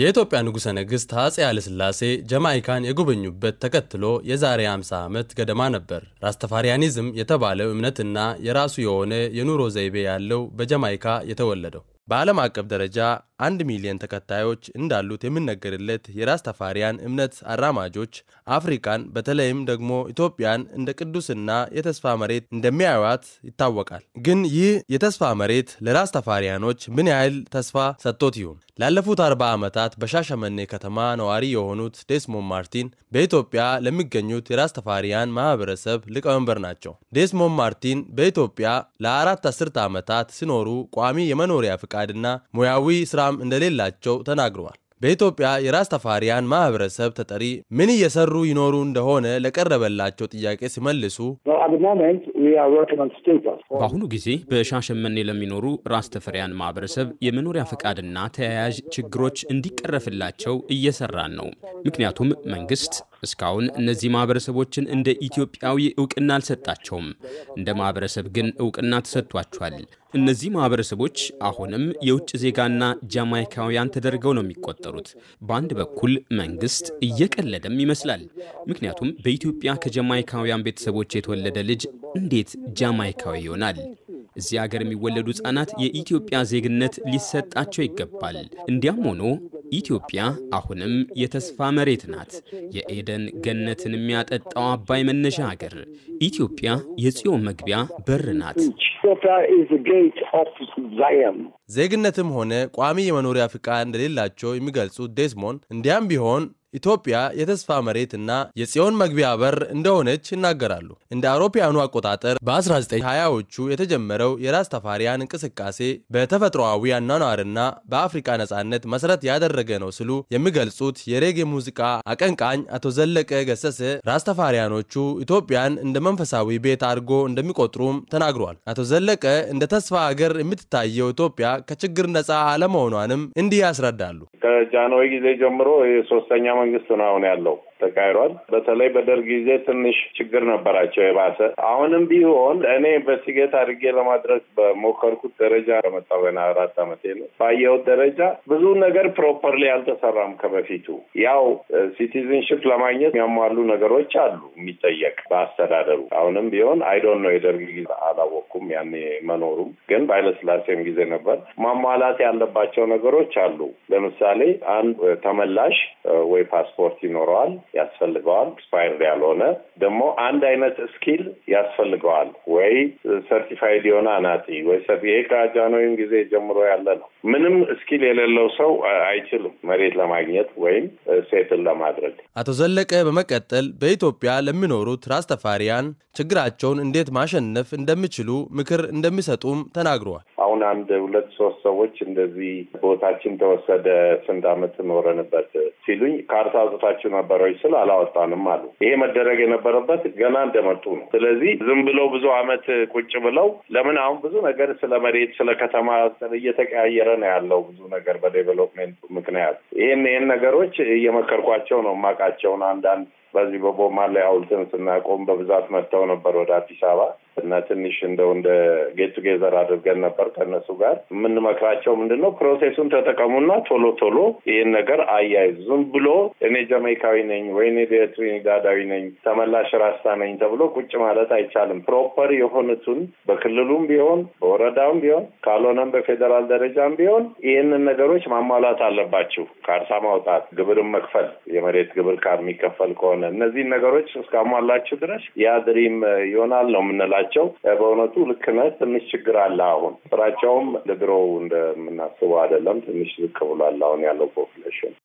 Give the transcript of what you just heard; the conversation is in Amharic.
የኢትዮጵያ ንጉሠ ነግሥት አጼ ኃይለሥላሴ ጀማይካን የጎበኙበት ተከትሎ የዛሬ 50 ዓመት ገደማ ነበር። ራስተፋሪያኒዝም የተባለው እምነትና የራሱ የሆነ የኑሮ ዘይቤ ያለው በጀማይካ የተወለደው በዓለም አቀፍ ደረጃ አንድ ሚሊዮን ተከታዮች እንዳሉት የሚነገርለት የራስ ተፋሪያን እምነት አራማጆች አፍሪካን በተለይም ደግሞ ኢትዮጵያን እንደ ቅዱስና የተስፋ መሬት እንደሚያዩት ይታወቃል። ግን ይህ የተስፋ መሬት ለራስ ተፋሪያኖች ምን ያህል ተስፋ ሰጥቶት ይሆን? ላለፉት አርባ ዓመታት በሻሸመኔ ከተማ ነዋሪ የሆኑት ዴስሞን ማርቲን በኢትዮጵያ ለሚገኙት የራስ ተፋሪያን ማህበረሰብ ሊቀመንበር ናቸው። ዴስሞን ማርቲን በኢትዮጵያ ለአራት አስርት ዓመታት ሲኖሩ ቋሚ የመኖሪያ ፍቃድ ፈቃድና ሙያዊ ስራም እንደሌላቸው ተናግረዋል። በኢትዮጵያ የራስ ተፋሪያን ማህበረሰብ ተጠሪ ምን እየሰሩ ይኖሩ እንደሆነ ለቀረበላቸው ጥያቄ ሲመልሱ በአሁኑ ጊዜ በሻሸመኔ ለሚኖሩ ራስ ተፈሪያን ማህበረሰብ የመኖሪያ ፈቃድና ተያያዥ ችግሮች እንዲቀረፍላቸው እየሰራን ነው። ምክንያቱም መንግስት እስካሁን እነዚህ ማህበረሰቦችን እንደ ኢትዮጵያዊ እውቅና አልሰጣቸውም። እንደ ማህበረሰብ ግን እውቅና ተሰጥቷቸዋል። እነዚህ ማህበረሰቦች አሁንም የውጭ ዜጋና ጃማይካውያን ተደርገው ነው የሚቆጠሩት። በአንድ በኩል መንግስት እየቀለደም ይመስላል። ምክንያቱም በኢትዮጵያ ከጃማይካውያን ቤተሰቦች የተወለደ ልጅ እንዴት ጃማይካዊ ይሆናል? እዚህ አገር የሚወለዱ ሕፃናት የኢትዮጵያ ዜግነት ሊሰጣቸው ይገባል። እንዲያም ሆኖ ኢትዮጵያ አሁንም የተስፋ መሬት ናት። የኤደን ገነትን የሚያጠጣው አባይ መነሻ አገር። ኢትዮጵያ የጽዮን መግቢያ በር ናት። ዜግነትም ሆነ ቋሚ የመኖሪያ ፍቃድ እንደሌላቸው የሚገልጹት ዴስሞን እንዲያም ቢሆን ኢትዮጵያ የተስፋ መሬትና የጽዮን መግቢያ በር እንደሆነች ይናገራሉ። እንደ አውሮፓውያኑ አቆጣጠር በ1920ዎቹ የተጀመረው የራስ ተፋሪያን እንቅስቃሴ በተፈጥሮዊ አኗኗርና በአፍሪካ ነጻነት መሰረት ያደረገ ነው ሲሉ የሚገልጹት የሬጌ ሙዚቃ አቀንቃኝ አቶ ዘለቀ ገሰሰ ራስ ተፋሪያኖቹ ኢትዮጵያን እንደ መንፈሳዊ ቤት አድርጎ እንደሚቆጥሩም ተናግሯል። አቶ ዘለቀ እንደ ተስፋ ሀገር የምትታየው ኢትዮጵያ ከችግር ነጻ አለመሆኗንም እንዲህ ያስረዳሉ። ከጃንሆይ ጊዜ ጀምሮ የሶስተኛ መንግስት ነው አሁን ያለው ተካሂዷል። በተለይ በደርግ ጊዜ ትንሽ ችግር ነበራቸው የባሰ። አሁንም ቢሆን እኔ ኢንቨስቲጌት አድርጌ ለማድረግ በሞከርኩት ደረጃ ከመጣሁ ገና አራት ዓመቴ ነው። ባየሁት ደረጃ ብዙ ነገር ፕሮፐርሊ አልተሰራም ከበፊቱ። ያው ሲቲዝንሽፕ ለማግኘት የሚያሟሉ ነገሮች አሉ የሚጠየቅ በአስተዳደሩ። አሁንም ቢሆን አይዶን ነው የደርግ ጊዜ አላወቁ አላውቁም ያኔ መኖሩም ግን በኃይለስላሴም ጊዜ ነበር። ማሟላት ያለባቸው ነገሮች አሉ። ለምሳሌ አንድ ተመላሽ ወይ ፓስፖርት ይኖረዋል ያስፈልገዋል። ኤክስፓየርድ ያልሆነ ደግሞ አንድ አይነት ስኪል ያስፈልገዋል ወይ ሰርቲፋይድ የሆነ አናጢ ወይ ይሄ ከጃንሆይም ጊዜ ጀምሮ ያለ ነው። ምንም ስኪል የሌለው ሰው አይችልም መሬት ለማግኘት ወይም ሴትን ለማድረግ። አቶ ዘለቀ በመቀጠል በኢትዮጵያ ለሚኖሩት ራስተፋሪያን ችግራቸውን እንዴት ማሸነፍ እንደሚችሉ ምክር እንደሚሰጡም ተናግረዋል። አሁን አንድ ሁለት ሶስት ሰዎች እንደዚህ ቦታችን ተወሰደ ስንት ዓመት ኖረንበት ሲሉኝ ካርታ አውጥታችሁ ነበረች ስል አላወጣንም አሉ። ይሄ መደረግ የነበረበት ገና እንደመጡ ነው። ስለዚህ ዝም ብለው ብዙ ዓመት ቁጭ ብለው ለምን አሁን ብዙ ነገር ስለ መሬት፣ ስለ ከተማ እየተቀያየረ ነው ያለው ብዙ ነገር በዴቨሎፕሜንት ምክንያት ይህን ይህን ነገሮች እየመከርኳቸው ነው የማውቃቸውን አንዳንድ በዚህ በቦማ ላይ ሐውልትን ስናቆም በብዛት መጥተው ነበር ወደ አዲስ አበባ። እና ትንሽ እንደው እንደ ጌት ቱጌዘር አድርገን ነበር ከእነሱ ጋር የምንመክራቸው ምንድን ነው ፕሮሴሱን ተጠቀሙና ቶሎ ቶሎ ይህን ነገር አያይዙም ብሎ እኔ ጀመይካዊ ነኝ ወይ ትሪኒዳዳዊ ነኝ ተመላሽ ራስታ ነኝ ተብሎ ቁጭ ማለት አይቻልም። ፕሮፐር የሆኑትን በክልሉም ቢሆን በወረዳም ቢሆን ካልሆነም በፌዴራል ደረጃም ቢሆን ይህንን ነገሮች ማሟላት አለባችሁ። ካርታ ማውጣት፣ ግብርን መክፈል፣ የመሬት ግብር ካር የሚከፈል ከሆነ እነዚህን ነገሮች እስካሟላችሁ ድረስ ያ ድሪም ይሆናል ነው የምንላቸው መምጣታቸው በእውነቱ ልክ ነህ። ትንሽ ችግር አለ። አሁን ስራቸውም ለድሮው እንደምናስበው አይደለም። ትንሽ ዝቅ ብሏል አሁን ያለው ፖፕሌሽን